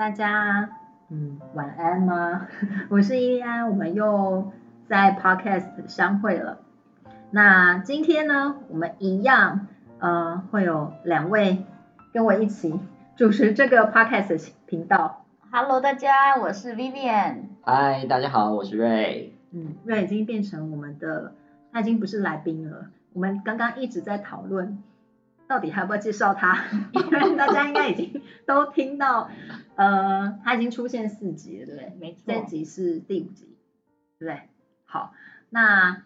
大家，嗯，晚安嗎？ 我是依麗安，我們又在 podcast 相會了。那今天呢，我們一樣，呃，會有兩位跟我一起主持這個 podcast 頻道。Hello，大家，我是 Vivian。Hi，大家好，我是 Ray。嗯，Ray 已經變成我們的，他已經不是來賓了。我們剛剛一直在討論。到底還要不要介紹他？因為大家應該已經都聽到， 呃，他已經出現四集了，對不對？沒錯，這集是第五集，對不對？好，那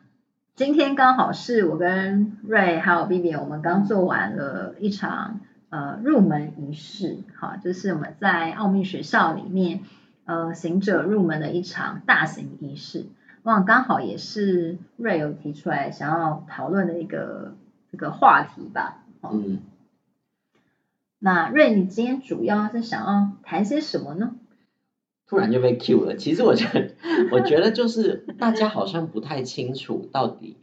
今天剛好是我跟 Ray 還有 B B，我們剛做完了一場呃入門儀式，好，就是我們在奧秘學校裡面呃行者入門的一場大型儀式。哇，剛好也是 Ray 有提出來想要討論的一個這個話題吧。嗯，那瑞，你今天主要是想要談些什麼呢？突然就被 cue 了。其實我覺得， 我覺得就是大家好像不太清楚到底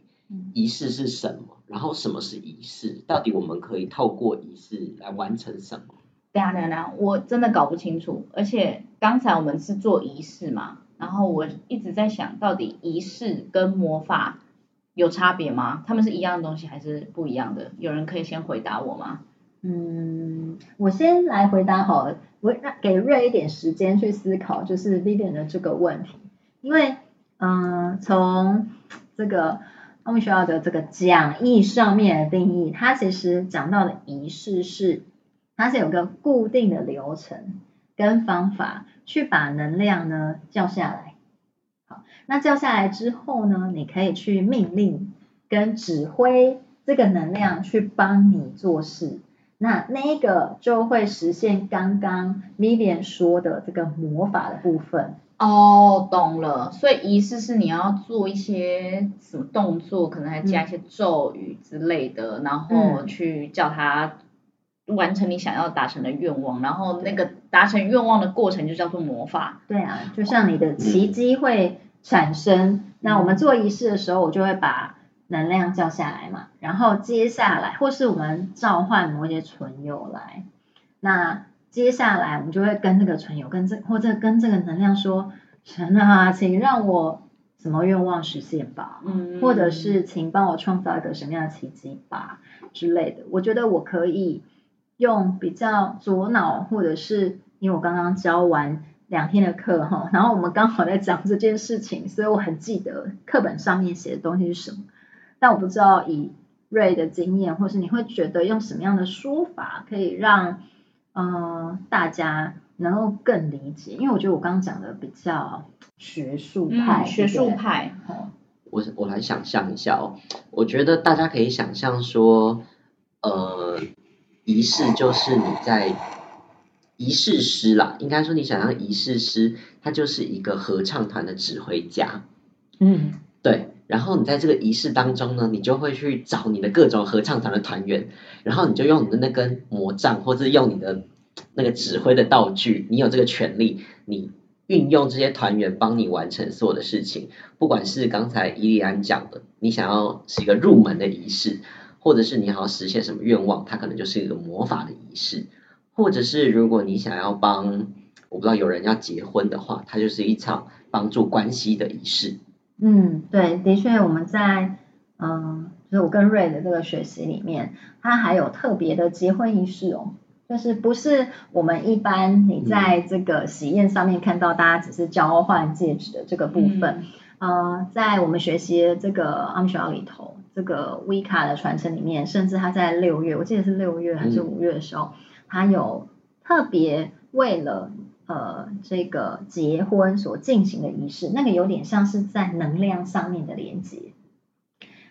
儀式是什麼，嗯、然後什麼是儀式，到底我們可以透過儀式來完成什麼？對啊，對啊，我真的搞不清楚。而且剛才我們是做儀式嘛，然後我一直在想到底儀式跟魔法。有差別嗎？他們是一樣的東西還是不一樣的？有人可以先回答我嗎？嗯，我先來回答好，我讓給瑞一點時間去思考，就是 Vivian 的這個問題，因為嗯，從這個他們學校的這個講義上面的定義，它其實講到的儀式是，它是有個固定的流程跟方法去把能量呢降下來，那叫下來之後呢，你可以去命令跟指揮這個能量去幫你做事，那那個就會實現剛剛 Vivian 說的這個魔法的部分。哦，oh, 懂了。所以儀式是你要做一些什麼動作，可能還加一些咒語之類的，嗯、然後去叫他完成你想要達成的願望，然後那個達成願望的過程就叫做魔法。對啊，就像你的奇蹟會。產生，那我們做儀式的時候，嗯、我就會把能量叫下來嘛，然後接下來或是我們召喚某些存有來，那接下來我們就會跟這個存有跟這或者跟這個能量說，神啊，請讓我什麼願望實現吧，嗯、或者是請幫我創造一個什麼樣的奇蹟吧之類的。我覺得我可以用比較左腦，或者是因為我剛剛教完。兩天的課哈，然後我們剛好在講這件事情，所以我很記得課本上面寫的東西是什麼。但我不知道以 Ray 的經驗，或是你會覺得用什麼樣的說法可以讓嗯、呃、大家能夠更理解？因為我覺得我剛剛講的比較學術派、嗯，學術派。嗯、我我來想象一下哦，我覺得大家可以想象說，呃，儀式就是你在。儀式師啦，應該說你想要儀式師，他就是一個合唱團的指揮家。嗯，對。然後你在這個儀式當中呢，你就會去找你的各種合唱團的團員，然後你就用你的那根魔杖，或者用你的那個指揮的道具，你有這個權利，你運用這些團員幫你完成所有的事情。不管是剛才伊利安講的，你想要是一個入門的儀式，或者是你想要實現什麼願望，它可能就是一個魔法的儀式。或者是如果你想要幫，我不知道有人要結婚的話，它就是一場幫助關係的儀式。嗯，對，的確我們在嗯、呃，就是我跟 Ray 的這個學習裡面，它還有特別的結婚儀式哦，就是不是我們一般你在這個喜宴上面看到大家只是交換戒指的這個部分。嗯、呃，在我們學習這個阿米學裡頭，這個威卡的傳承裡面，甚至它在六月，我記得是六月還是五月的時候。嗯他有特別為了呃這個結婚所進行的儀式，那個有點像是在能量上面的連接。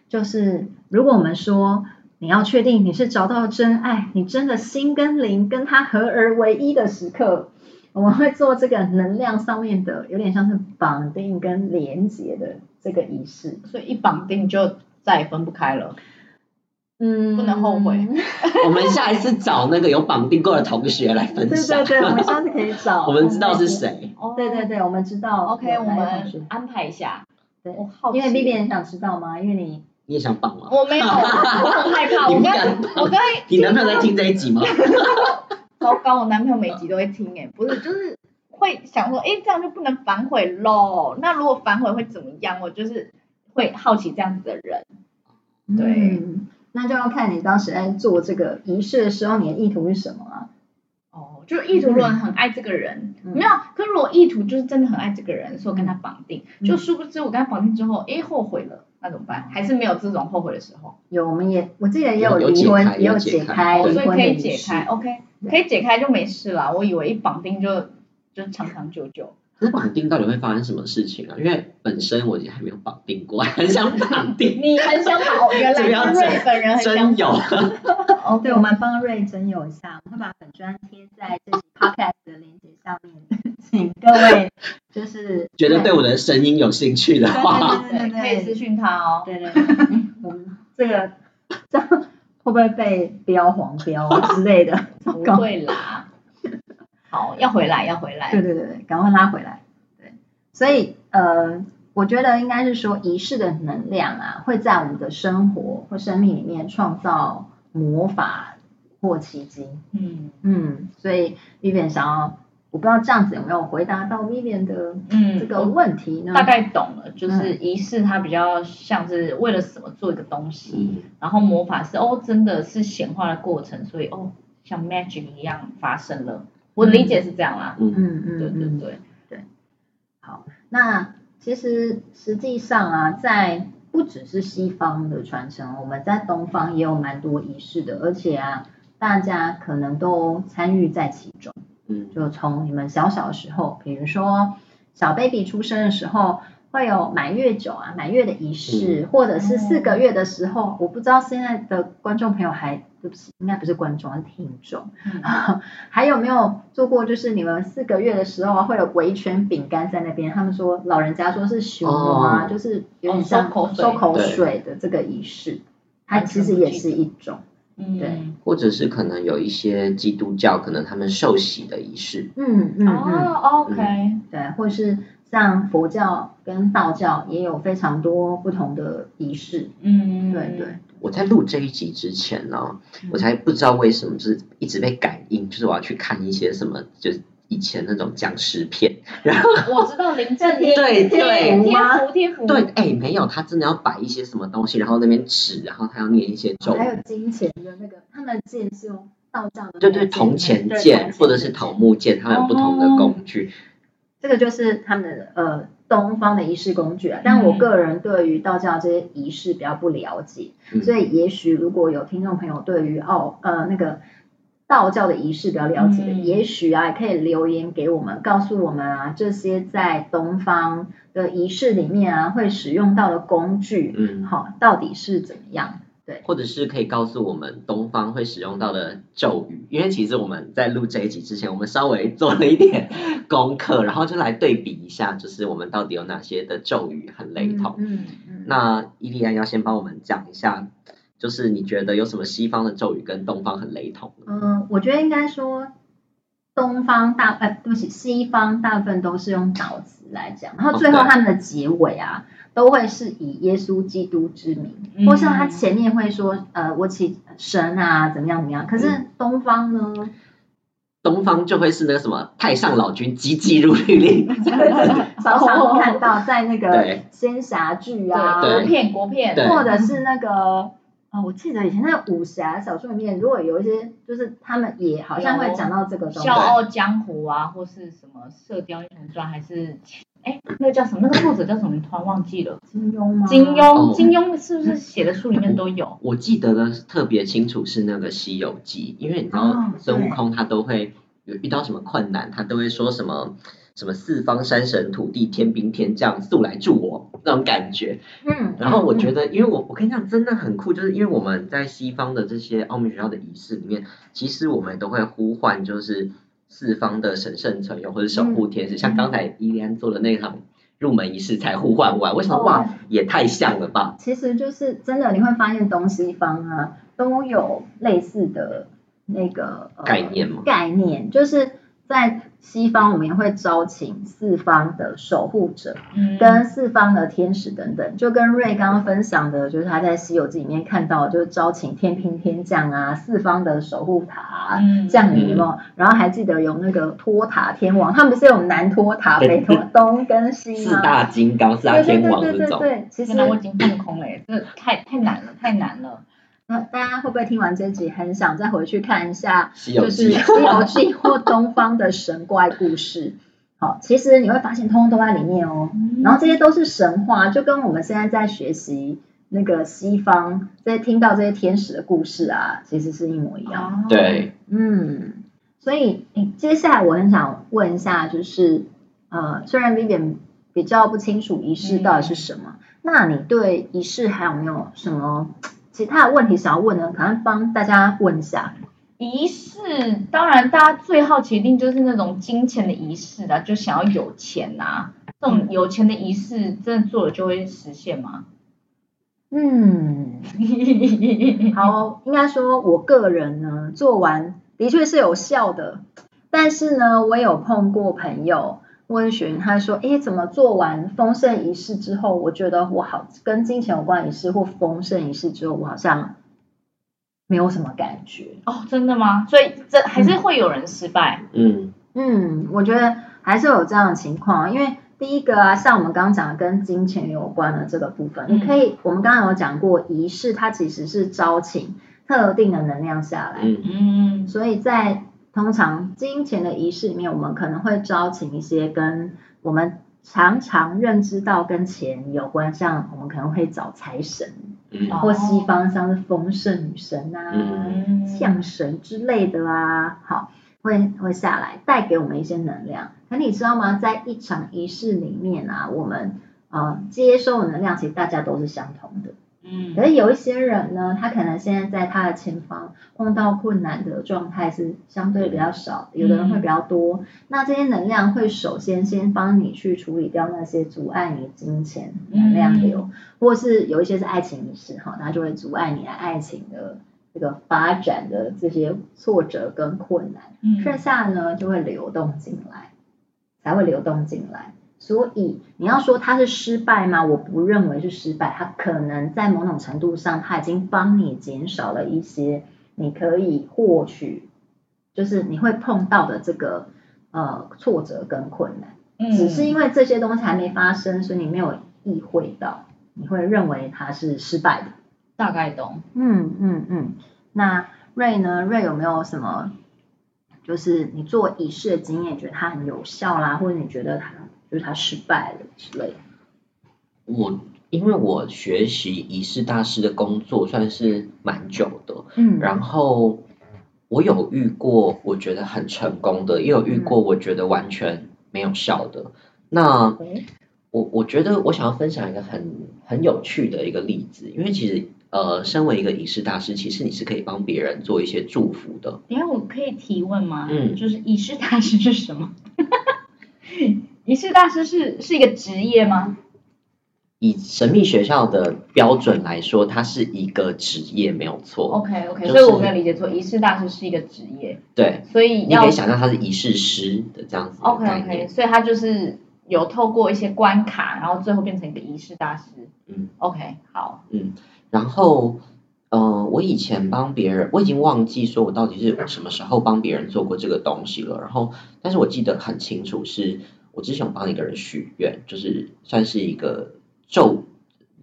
就是如果我們說你要確定你是找到真愛，你真的心跟靈跟它合而為一的時刻，我們會做這個能量上面的有點像是綁定跟連接的這個儀式，所以一綁定就再也分不開了。嗯，不能後悔。我們下一次找那個有綁定過的同學來分享。對對對，我們下次可以找。我們知道是誰。對對對，我們知道。OK，我們安排一下。對，因為 Bibi 也想知道嗎？因為你你也想綁嗎？我沒有，我很害怕，我我剛剛你男朋友在聽這一集嗎？糟糕，我男朋友每一集都會聽，哎，不是，就是會想說，哎，這樣就不能反悔嘍。那如果反悔會怎麼樣？我就是會好奇這樣子的人。對。那就要看你當時在做這個儀式的時候，你的意圖是什麼了、啊？哦，就是意圖如果很愛這個人，嗯、沒有。可是我意圖就是真的很愛這個人，所以我跟他綁定，嗯、就殊不知我跟他綁定之後，哎，後悔了，那怎麼辦？還是沒有這種後悔的時候？有，我們也，我自己也,也,也有離婚，也有解開、哦，所以可以解開對，OK，可以解開就沒事了。我以為一綁定就就長長久久。那綁定到底會發生什麼事情啊？因為本身我已經還沒有綁定過，很想綁定。 你很想綁，原來幫瑞本人很 徵友。哦，對，我們幫瑞徵友一下，我們會把粉專貼在這期 Podcast 的鏈接下面， 請各位就是覺得對，對我的聲音有興趣的話，對對對，對對對，可以私訊他哦。 對對對 、嗯，我們這個這樣會不會被標黃標之類的？ 不會啦。好，要回來，嗯、要回來。對對對，趕快拉回來。對，所以呃，我覺得應該是說儀式的能量啊，會在我們的生活或生命裡面創造魔法或奇蹟。嗯嗯，所以 Vivian 想要，我不知道這樣子有沒有回答到 Vivian 的這個問題呢？嗯、大概懂了，就是儀式它比較像是為了什麼做一個東西，嗯、然後魔法是哦真的是顯化的過程，所以哦像 magic 一樣發生了。我的理解是這樣啦、啊，嗯嗯嗯，對、嗯、對對對，對，好，那其實實際上啊，在不只是西方的傳承，我們在東方也有蠻多儀式的，而且啊，大家可能都參與在其中，嗯，就從你們小小的時候，比如說小 baby 出生的時候。會有滿月酒啊，滿月的儀式，嗯、或者是四個月的時候，嗯、我不知道現在的觀眾朋友還是不是應該不是觀眾，是聽眾、嗯啊，還有沒有做過？就是你們四個月的時候、啊、會有圍一圈餅乾在那邊，他們說老人家說是熊啊，哦、就是有點像、哦、收，口水收口水的這個儀式，對它其實也是一種，對，或者是可能有一些基督教，可能他們受洗的儀式，嗯嗯，嗯哦，OK，嗯對，或者是。像佛教跟道教也有非常多不同的儀式，嗯，對對。對，我在錄這一集之前呢、哦，我才不知道為什麼就是一直被感應，就是我要去看一些什麼，就是以前那種殭屍片。然後我知道林正英。天 對，天吳天福天對，哎，沒有，他真的要擺一些什麼東西，然後那邊紙，然後他要念一些咒、哦。還有金錢的那個，他們劍是用道教的。對對，銅錢劍或者是桃木劍，他們有不同的工具。哦這個就是他們的呃東方的儀式工具啊，但我個人對於道教這些儀式比較不了解，嗯、所以也許如果有聽眾朋友對於哦呃那個道教的儀式比較了解的，嗯、也許啊也可以留言給我們，告訴我們啊這些在東方的儀式裡面啊會使用到的工具，嗯，好、哦，到底是怎麼樣？或者是可以告訴我們東方會使用到的咒語，因為其實我們在錄這一集之前，我們稍微做了一點功課，然後就來對比一下，就是我們到底有哪些的咒語很雷同。嗯，嗯，那伊利安要先幫我們講一下，就是你覺得有什麼西方的咒語跟東方很雷同？嗯，我覺得應該說。東方大，哎，對不起，西方大部分都是用禱詞來講，然後最後他們的結尾啊，都會是以耶穌基督之名，嗯、或是他前面會說，呃，我起神啊，怎麼樣怎麼樣。可是東方呢，嗯、東方就會是那個什麼，太上老君急急如律令。常常 看到在那個仙俠劇啊，國片、國片，或者是那個。嗯啊、哦，我記得以前在武俠、啊、小說裡面，如果有一些，就是他們也好像會講到這個東西，笑傲江湖啊，或是什麼射雕英雄傳，還是哎、欸，那個叫什麼？那個作者叫什麼？我突然忘記了。金庸嗎、啊？金庸，哦、金庸是不是寫的書裡面都有？嗯、我，我記得的特別清楚是那個《西遊記》，因為你知道孫、哦、悟空他都會有遇到什麼困難，他都會說什麼。什麼四方山神、土地、天兵天將速來助我那種感覺，嗯，然後我覺得，嗯、因為我我跟你講真的很酷，就是因為我們在西方的這些奧秘學校的儀式裡面，其實我們都會呼喚就是四方的神聖成員或者守護天使，嗯、像剛才伊利安做的那場入門儀式才呼喚完，為什麼哇、嗯、也太像了吧？其實就是真的你會發現東西方啊都有類似的那個、呃、概念嘛，概念就是在。西方我們也會招請四方的守護者，嗯、跟四方的天使等等，就跟瑞剛剛分享的，就是他在《西遊記》裡面看到，就是招請天兵天將啊，四方的守護塔降臨了。然後還記得有那個托塔天王，他們不是有南托塔、嗯、北托東跟西，四大金剛、四大天王的對，對，對，對，對。其實在我已經看空了、欸，這太太難了，太難了。大家會不會聽完這集，很想再回去看一下，就是《西遊記》或東方的神怪故事？好，其實你會發現通通都在裡面哦、喔。然後這些都是神話，就跟我們現在在學習那個西方，在聽到這些天使的故事啊，其實是一模一樣。對，嗯，所以、欸、接下來我很想問一下，就是呃，雖然 Vivian 比較不清楚儀式到底是什麼，嗯、那你對儀式還有沒有什麼？其他的問題想要問呢，可能幫大家問一下儀式。當然，大家最好奇的就是那種金錢的儀式啦、啊，就想要有錢吶、啊。這種有錢的儀式真的做了就會實現嗎？嗯，好，應該說我個人呢，做完的確是有效的。但是呢，我也有碰過朋友。問學員他說：“哎，怎麼做完豐盛儀式之後，我覺得我好跟金錢有關儀式或豐盛儀式之後，我好像沒有什麼感覺哦，真的嗎？所以這還是會有人失敗。嗯嗯，嗯，我覺得還是有這樣的情況，因為第一個啊，像我們剛剛講的跟金錢有關的這個部分，嗯、你可以，我們剛剛有講過儀式，它其實是招請特定的能量下來。嗯嗯，所以在。”通常金錢的儀式裡面，我們可能會招請一些跟我們常常認知到跟錢有關，像我們可能會找財神，哦、或西方像是豐盛女神啊、象、嗯、神之類的啊，好，會會下來帶給我們一些能量。可你知道嗎？在一場儀式裡面啊，我們啊、呃、接收的能量其實大家都是相同的。嗯，可是有一些人呢，他可能現在在他的前方碰到困難的狀態是相對比較少，有的人會比較多。嗯、那這些能量會首先先幫你去處理掉那些阻礙你金錢能量流，嗯、或是有一些是愛情的事哈，它就會阻礙你的愛情的這個發展的這些挫折跟困難。嗯，剩下呢就會流動進來，才會流動進來。所以你要說他是失敗嗎？我不認為是失敗，他可能在某種程度上他已經幫你減少了一些你可以獲取，就是你會碰到的這個呃挫折跟困難。只是因為這些東西還沒發生，所以你沒有意會到，你會認為他是失敗的。大概懂。嗯嗯嗯。那 Ray 呢？Ray 有沒有什麼，就是你做儀式的經驗，覺得它很有效啦，或者你覺得它？就是他失敗了之類的。我因為我學習儀式大師的工作算是蠻久的，嗯，然後我有遇過我覺得很成功的，嗯、也有遇過我覺得完全沒有效的。嗯、那、嗯、我我覺得我想要分享一個很很有趣的一個例子，因為其實呃，身為一個儀式大師，其實你是可以幫別人做一些祝福的。等一下，我可以提問嗎？嗯，就是儀式大師是什麼？ 儀式大師是是一個職業嗎？以神秘學校的標準來說，它是一個職業，沒有錯。OK OK，就是、所以我沒有理解錯，儀式大師是一個職業。對，所以你可以想象他是儀式師的這樣子。OK OK，所以他就是有透過一些關卡，然後最後變成一個儀式大師。嗯，OK，好。嗯，然後嗯、呃，我以前幫別人，我已經忘記說我到底是什麼時候幫別人做過這個東西了。然後，但是我記得很清楚是。我只想幫一個人許願，就是算是一個咒，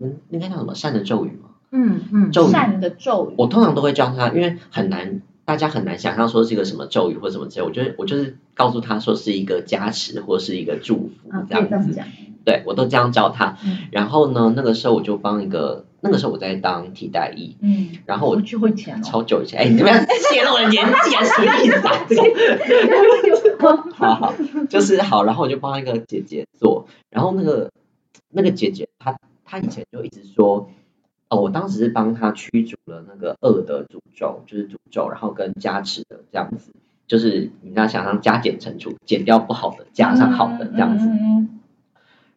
嗯，應該叫什麼善的咒語嗎？嗯嗯，嗯咒語。善的咒語。我通常都會教他，因為很難，大家很難想象說是一個什麼咒語或什麼之類。我就我就是告訴他說是一個加持或是一個祝福這樣子。啊、樣對，我都這樣教他。嗯，然後呢，那個時候我就幫一個，那個時候我在當替代役。嗯。然後我，我就會起來、啊，超久以前，哎，欸，你怎麼樣洩了我的年紀啊， 什麼意思、啊？ 好好，就是好，然後我就幫一個姐姐做，然後那個那個姐姐她她以前就一直說，哦，我當時是幫她驅逐了那個惡的詛咒，就是詛咒，然後跟加持的這樣子，就是你要想讓加減乘除減掉不好的，加上好的這樣子。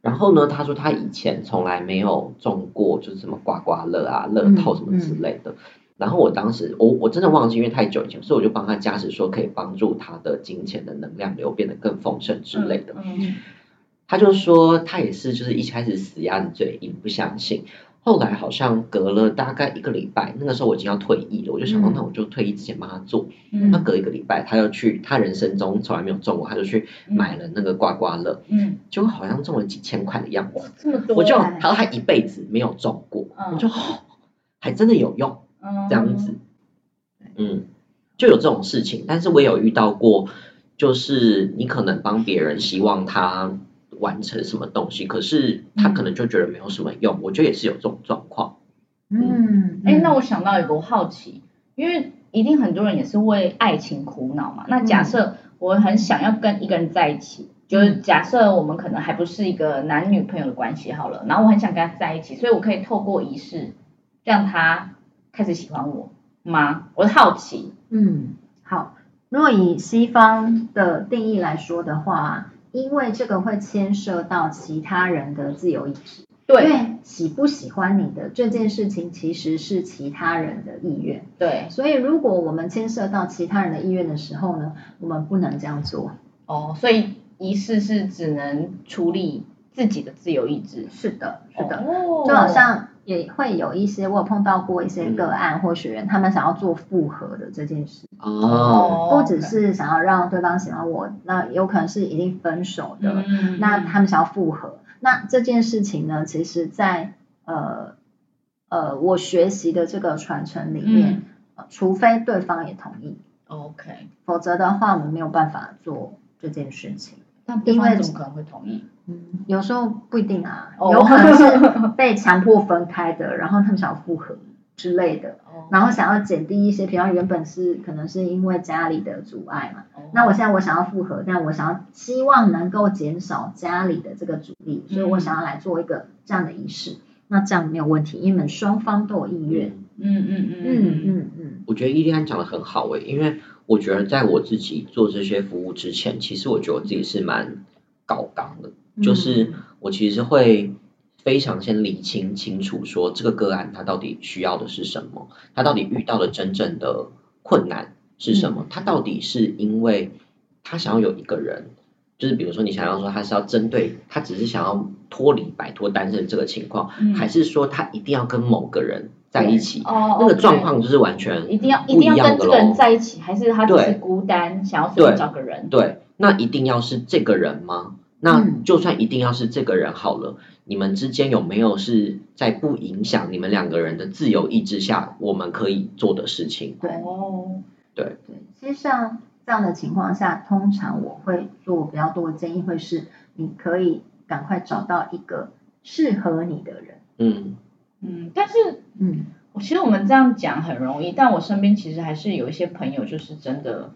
然後呢，她說她以前從來沒有中過，就是什麼刮刮樂啊、嗯嗯、樂透什麼之類的。然後我當時我、哦、我真的忘記，因為太久以前，所以我就幫他加持，說可以幫助他的金錢的能量流變得更豐盛之類的。嗯嗯、他就說他也是，就是一開始死鴨子嘴硬不相信，後來好像隔了大概一個禮拜，那個時候我已經要退役了，我就想說那我就退役之前幫他做。嗯、那他隔一個禮拜，他就去他人生中從來沒有中過，他就去買了那個刮刮樂嗯。嗯，就好像中了幾千塊的樣子。哦這麼多欸、我就他說他一輩子沒有中過，嗯、我就、哦、還真的有用。這樣子，嗯，就有這種事情，但是我也有遇到過，就是你可能幫別人，希望他完成什麼東西，可是他可能就覺得沒有什麼用，我覺得也是有這種狀況。嗯，哎、欸，那我想到一個，我好奇，因為一定很多人也是為愛情苦惱嘛。那假設我很想要跟一個人在一起，嗯、就是假設我們可能還不是一個男女朋友的關係好了，然後我很想跟他在一起，所以我可以透過儀式讓他開始喜歡我嗎？我好奇。嗯，好。如果以西方的定義來說的話，因為這個會牽涉到其他人的自由意志。對。喜不喜歡你的這件事情，其實是其他人的意願。對。所以，如果我們牽涉到其他人的意願的時候呢，我們不能這樣做。哦，所以儀式是只能處理自己的自由意志。是的，是的。哦。就好像。也會有一些，我有碰到過一些個案或學員，嗯、他們想要做複合的這件事，哦，不、哦哦、只是想要讓對方喜歡我，那有可能是已經分手的，嗯、那他們想要複合，嗯、那這件事情呢，其實在，在呃呃我學習的這個傳承裡面，嗯呃，除非對方也同意，哦，OK，否則的話我們沒有辦法做這件事情，但對方總可能會同意。有時候不一定啊，oh, 有可能是被強迫分開的， 然後他們想要復合之類的，然後想要減低一些，比方原本是可能是因為家裡的阻礙嘛，oh. 那我現在我想要復合，但我想要希望能夠減少家裡的這個阻力，所以我想要來做一個這樣的儀式，嗯、那這樣沒有問題，因為你們雙方都有意願。嗯嗯嗯嗯嗯嗯，嗯嗯嗯我覺得伊麗安講的很好哎、欸，因為我覺得在我自己做這些服務之前，其實我覺得我自己是蠻高剛的。就是我其實會非常先理清清楚，說這個個案他到底需要的是什麼，他到底遇到的真正的困難是什麼？他、嗯、到底是因為他想要有一個人，就是比如說你想要說他是要針對他只是想要脫離擺脫單身這個情況，嗯、還是說他一定要跟某個人在一起？哦對那個狀況就是完全不一,一定要一定要跟這個人在一起，還是他只是孤單對想要隨便找個人？對，對，那一定要是這個人嗎？那就算一定要是這個人好了，嗯，你們之間有沒有是在不影響你們兩個人的自由意志下，我們可以做的事情？對，對對。其實像這樣的情況下，通常我會做比較多的建議，會是你可以趕快找到一個適合你的人。嗯嗯，但是嗯，其實我們這樣講很容易，但我身邊其實還是有一些朋友，就是真的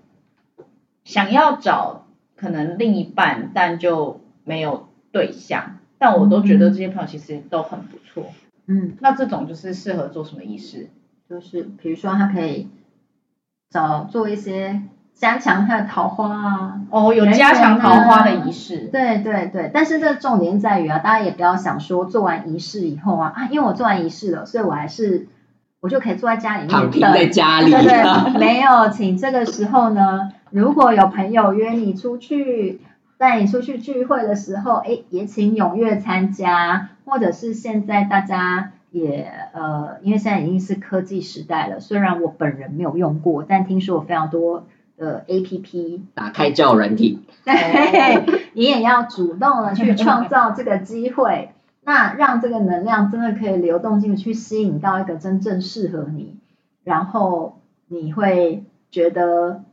想要找。可能另一半，但就沒有對象，但我都覺得這些朋友其實都很不錯。嗯，那這種就是適合做什麼儀式？就是比如說，他可以找做一些加強他的桃花啊。哦，有加強桃花的儀式。對對對，但是這重點在於啊，大家也不要想說做完儀式以後啊啊，因為我做完儀式了，所以我還是我就可以坐在家裡面的躺平在家裡啊。對，對，沒有，請這個時候呢。如果有朋友約你出去，帶你出去聚會的時候，哎、欸，也請踴躍參加。或者是現在大家也呃，因為現在已經是科技時代了，雖然我本人沒有用過，但聽說有非常多的 APP 打開交友軟體，對，你也要主動的去創造這個機會，那讓這個能量真的可以流動進去，吸引到一個真正適合你，然後你會覺得。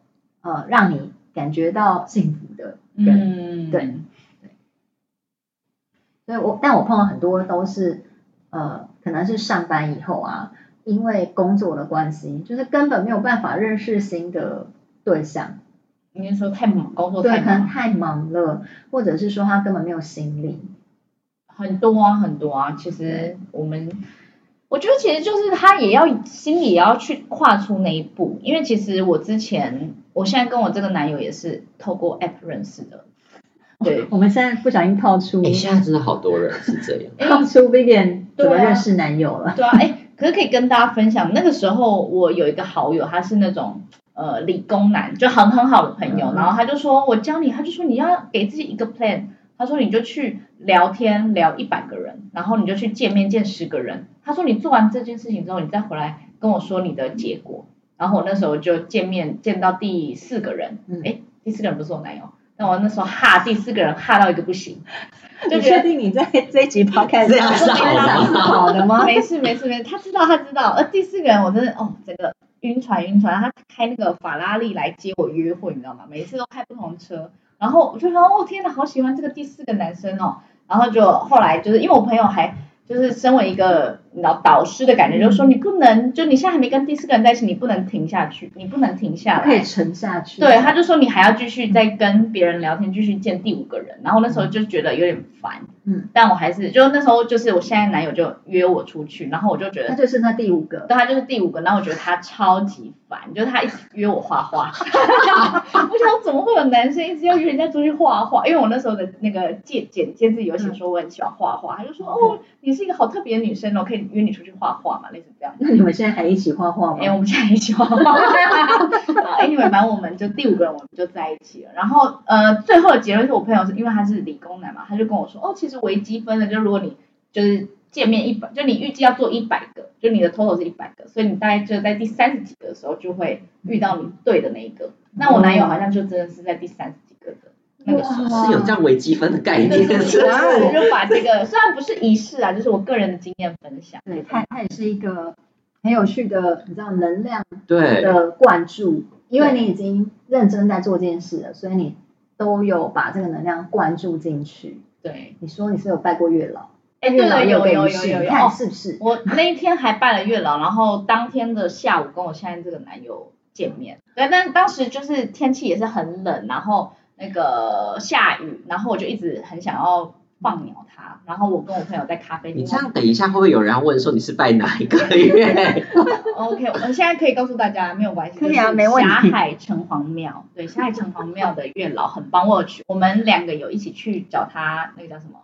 呃，讓你感覺到幸福的人，嗯，對，所以我，但我碰到很多都是，呃，可能是上班以後啊，因為工作的關係，就是根本沒有辦法認識新的對象。因為說，太忙，工作，對，可能太忙了，或者是說他根本沒有心力。很多啊，很多啊，其實我們。我覺得其實就是他也要心裡也要去跨出那一步，因為其實我之前，我現在跟我這個男友也是透過 App 認識的。對，哦、我們現在不小心套出，一下子好多人是這樣、哎、套出一點怎麼認識男友了對、啊？對啊，哎，可是可以跟大家分享，那個時候我有一個好友，他是那種呃理工男，就很很好的朋友，嗯、然後他就說我教你，他就說你要給自己一個 plan，他說你就去聊天聊一百個人，然後你就去見面見十個人。他說：“你做完這件事情之後，你再回來跟我說你的結果。”然後我那時候就見面見到第四個人，哎、嗯，欸，第四個人不是我男友。那我那時候哈，第四個人哈到一個不行，就確定你在這一集 podcast 說好的嗎？是 沒事沒事沒事，他知道他知道。呃，第四個人我真的哦，整個暈船暈船。他開那個法拉利來接我約會，你知道嗎？每次都開不同車。然後我就說：“哦，天哪，好喜歡這個第四個男生哦。”然後就後來就是因為我朋友還。就是身為一個導導師的感覺，就是說你不能，就你現在還沒跟第四個人在一起，你不能停下去，你不能停下來，可以沉下去。對，他就說你還要繼續再跟別人聊天，繼續見第五個人，然後那時候就覺得有點煩。嗯，但我還是就那時候，就是我現在男友就約我出去，然後我就覺得他就是那第五個，對，他就是第五個，然後我覺得他超級煩，就是他一直約我畫畫，我想怎麼會有男生一直要約人家出去畫畫？因為我那時候的那個借簡介自己有寫說我很喜歡畫畫，他就說哦、嗯喔，你是一個好特別的女生哦，可以約你出去畫畫嘛，類似這樣。那你們現在還一起畫畫嗎？因為、欸、我們現在一起畫畫。哎、 啊，你們反正我們就第五個人我們就在一起了，然後呃，最後的結論是我朋友是因為他是理工男嘛，他就跟我說哦，其實。是微積分的，就如果你就是見面一百，就你預計要做一百個，就你的 total 是一百個，所以你大概就在第三十幾個的時候就會遇到你對的那一個。那我男友好像就真的是在第三十幾個的那個時候，是有這樣微積分的概念。我、就是、就把這個，雖然不是儀式啊，就是我個人的經驗分享。對，它它也是一個很有趣的，你知道能量對的灌注，對因為你已經認真在做這件事了，所以你都有把這個能量灌注進去。對，你說你是有拜過月老，哎誒，對了，有有有有有，有有有你看是不是、哦？我那一天還拜了月老， 然後當天的下午跟我現在這個男友見面。對，但當時就是天氣也是很冷，然後那個下雨，然後我就一直很想要。放鳥他，然後我跟我朋友在咖啡廳。你這樣等一下會不會有人問說你是拜哪一個月？OK，我現在可以告訴大家，沒有關係，就是霞海城隍廟。對，霞海城隍廟的月老很幫我取，我們兩個有一起去找他，那個叫什麼？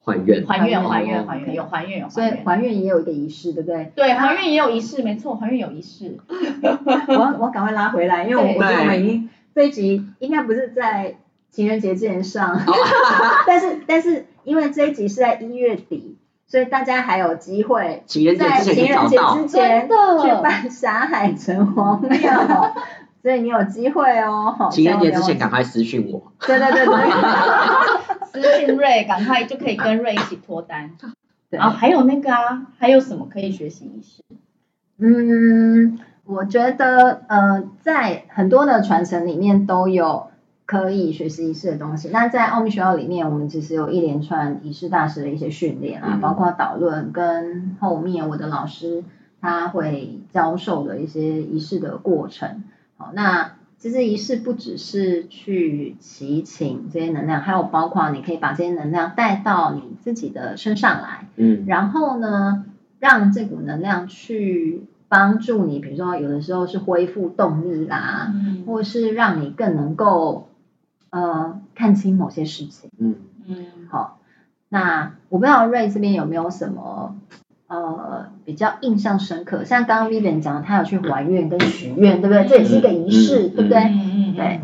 還願，還願，還願，還願，有還願，有還願，所以還願也有一個儀式，對不對？對，還願也有儀式，沒錯，還願有儀式。我我趕快拉回來，因為我我們已這一集應該不是在。情人節之前上， 但是但是因為這一集是在一月底，所以大家還有機會在情人節之前，之前去辦“霞海城隍廟”， 所以你有機會哦。 情人節之前趕快私訊我，對對，對對對，私訊 瑞，趕快就可以跟瑞一起脫單。然後 對、哦、還有那個啊，還有什麼可以學習一下？嗯，我覺得呃，在很多的傳承裡面都有。可以學習儀式的東西。那在奧秘學校裡面，我們其實有一連串儀式大師的一些訓練啊，嗯，包括導論跟後面我的老師他會教授的一些儀式的過程。好，那其實儀式不只是去祈請這些能量，還有包括你可以把這些能量帶到你自己的身上來。嗯，然後呢，讓這股能量去幫助你，比如說有的時候是恢復動力啦，啊，嗯，或是讓你更能夠。呃，看清某些事情，嗯嗯，好，那我不知道 Ray 這邊有沒有什麼呃比較印象深刻？像剛剛 Vivian 講，他有去還願跟許願，對不對？這也是一個儀式，嗯、對不對？嗯嗯嗯、對。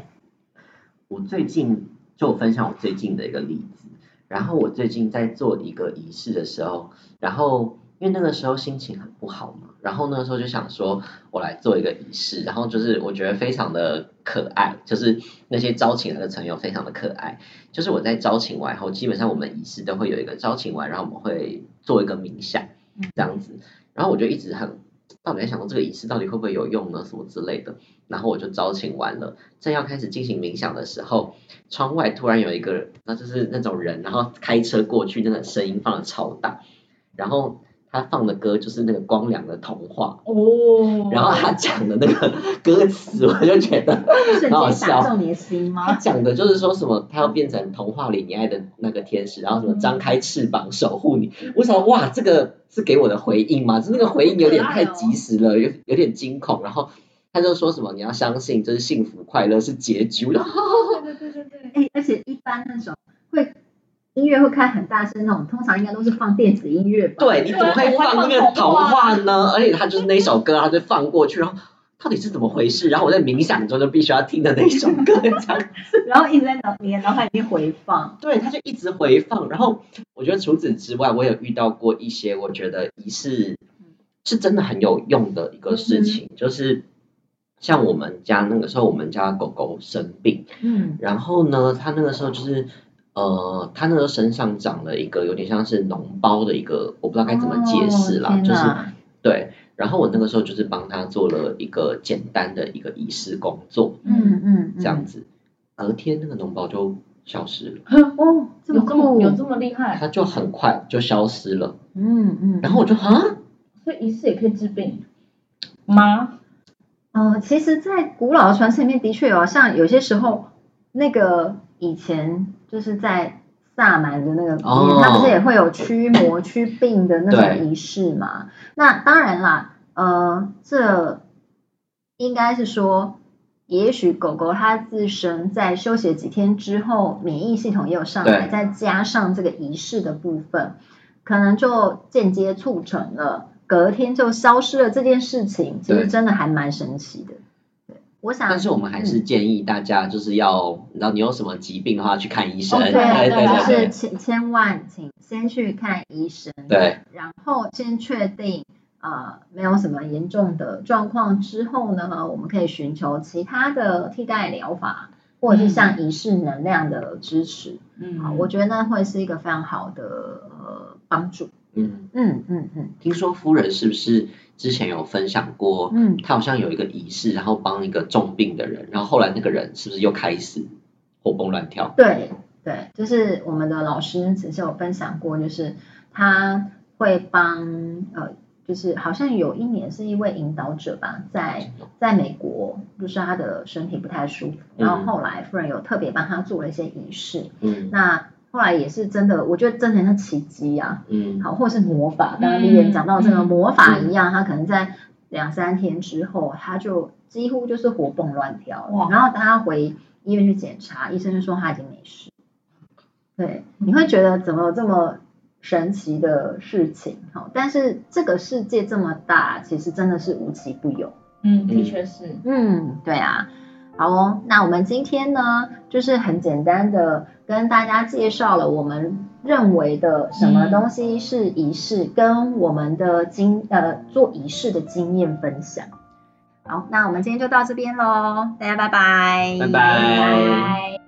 我最近就分享我最近的一個例子，然後我最近在做一個儀式的時候，然後。因為那個時候心情很不好嘛，然後那個時候就想說，我來做一個儀式，然後就是我覺得非常的可愛，就是那些招請來的朋友非常的可愛，就是我在招請完後，基本上我們儀式都會有一個招請完，然後我們會做一個冥想，這樣子，然後我就一直很，到底在想說這個儀式到底會不會有用呢，什麼之類的，然後我就招請完了，正要開始進行冥想的時候，窗外突然有一個，那就是那種人，然後開車過去，那個聲音放得超大，然後。他放的歌就是那個光良的童話，哦，然後他講的那個歌詞，我就覺得，很好笑。瞬間打中你的心嗎？他講的就是說什麼，他要變成童話裡你愛的那個天使，嗯、然後什麼張開翅膀守護你。我想，哇，這個是給我的回應嗎？是那個回應有點太及時了，哦、有有點驚恐。然後他就說什麼，你要相信，這是幸福快樂是結局。然後。對對對對對，哎，而且一般那種會。音樂會開很大聲那種，通常應該都是放電子音樂吧？對，你怎麼會放那個童話呢？ 而且它就是那首歌，它就放過去，然後到底是怎麼回事？然後我在冥想中就必須要聽的那一首歌， 這樣。然後一直在那邊，然後它已經回放。對，它就一直回放。然後我覺得除此之外，我也有遇到過一些我覺得儀式是真的很有用的一個事情，嗯、就是像我們家那個時候，我們家狗狗生病，嗯，然後呢，它那個時候就是。呃，他那個身上長了一個有點像是膿包的一個，我不知道該怎麼解釋了，哦、就是對。然後我那個時候就是幫他做了一個簡單的一個儀式工作，嗯嗯，嗯，這樣子，隔、嗯、天那個膿包就消失了。嗯、哦，有這麼有這麼厲害？他就很快就消失了。嗯嗯。嗯，然後我就啊，所以儀式也可以治病嗎？嗯、呃，其實，在古老的傳承裡面，的確有、啊、像有些時候那個以前。就是在薩滿的那個，oh, 他不是也會有驅魔 驅病的那種儀式嘛？對那當然啦，呃，這應該是說，也許狗狗它自身在休息幾天之後，免疫系統也有上來，對再加上這個儀式的部分，可能就間接促成了隔天就消失了這件事情，其實真的還蠻神奇的。我想但是我們還是建議大家，就是要，然後、嗯、你，你有什麼疾病的話，嗯、去看醫生。哦、對對是千千萬，請先去看醫生。對。然後先確定呃沒有什麼嚴重的狀況之後呢，我們可以尋求其他的替代療法，或者是像儀式能量的支持。嗯。好，我覺得那會是一個非常好的呃幫助。嗯嗯嗯嗯。嗯嗯嗯聽說夫人是不是？之前有分享過，嗯，他好像有一個儀式，然後幫一個重病的人，然後後來那個人是不是又開始活蹦亂跳？對，對，就是我們的老師曾經有分享過，就是他會幫呃，就是好像有一年是一位引導者吧，在在美國，就是他的身體不太舒服，然後後來夫人有特別幫他做了一些儀式，嗯，那。後來也是真的，我覺得真的很像奇蹟啊！嗯，好，或是魔法。當然麗蓮講到這個魔法一樣，嗯、他可能在兩三天之後，是他就幾乎就是活蹦亂跳了哇然後當他回醫院去檢查，醫生就說他已經沒事。對，你會覺得怎麼有這麼神奇的事情？但是這個世界這麼大，其實真的是無奇不有。嗯，的確、嗯、是。嗯，對啊。好哦，那我們今天呢，就是很簡單的跟大家介紹了我們認為的什麼東西是儀式，嗯、跟我們的經呃做儀式的經驗分享。好，那我們今天就到這邊嘍，大家拜拜，拜拜。拜拜拜拜。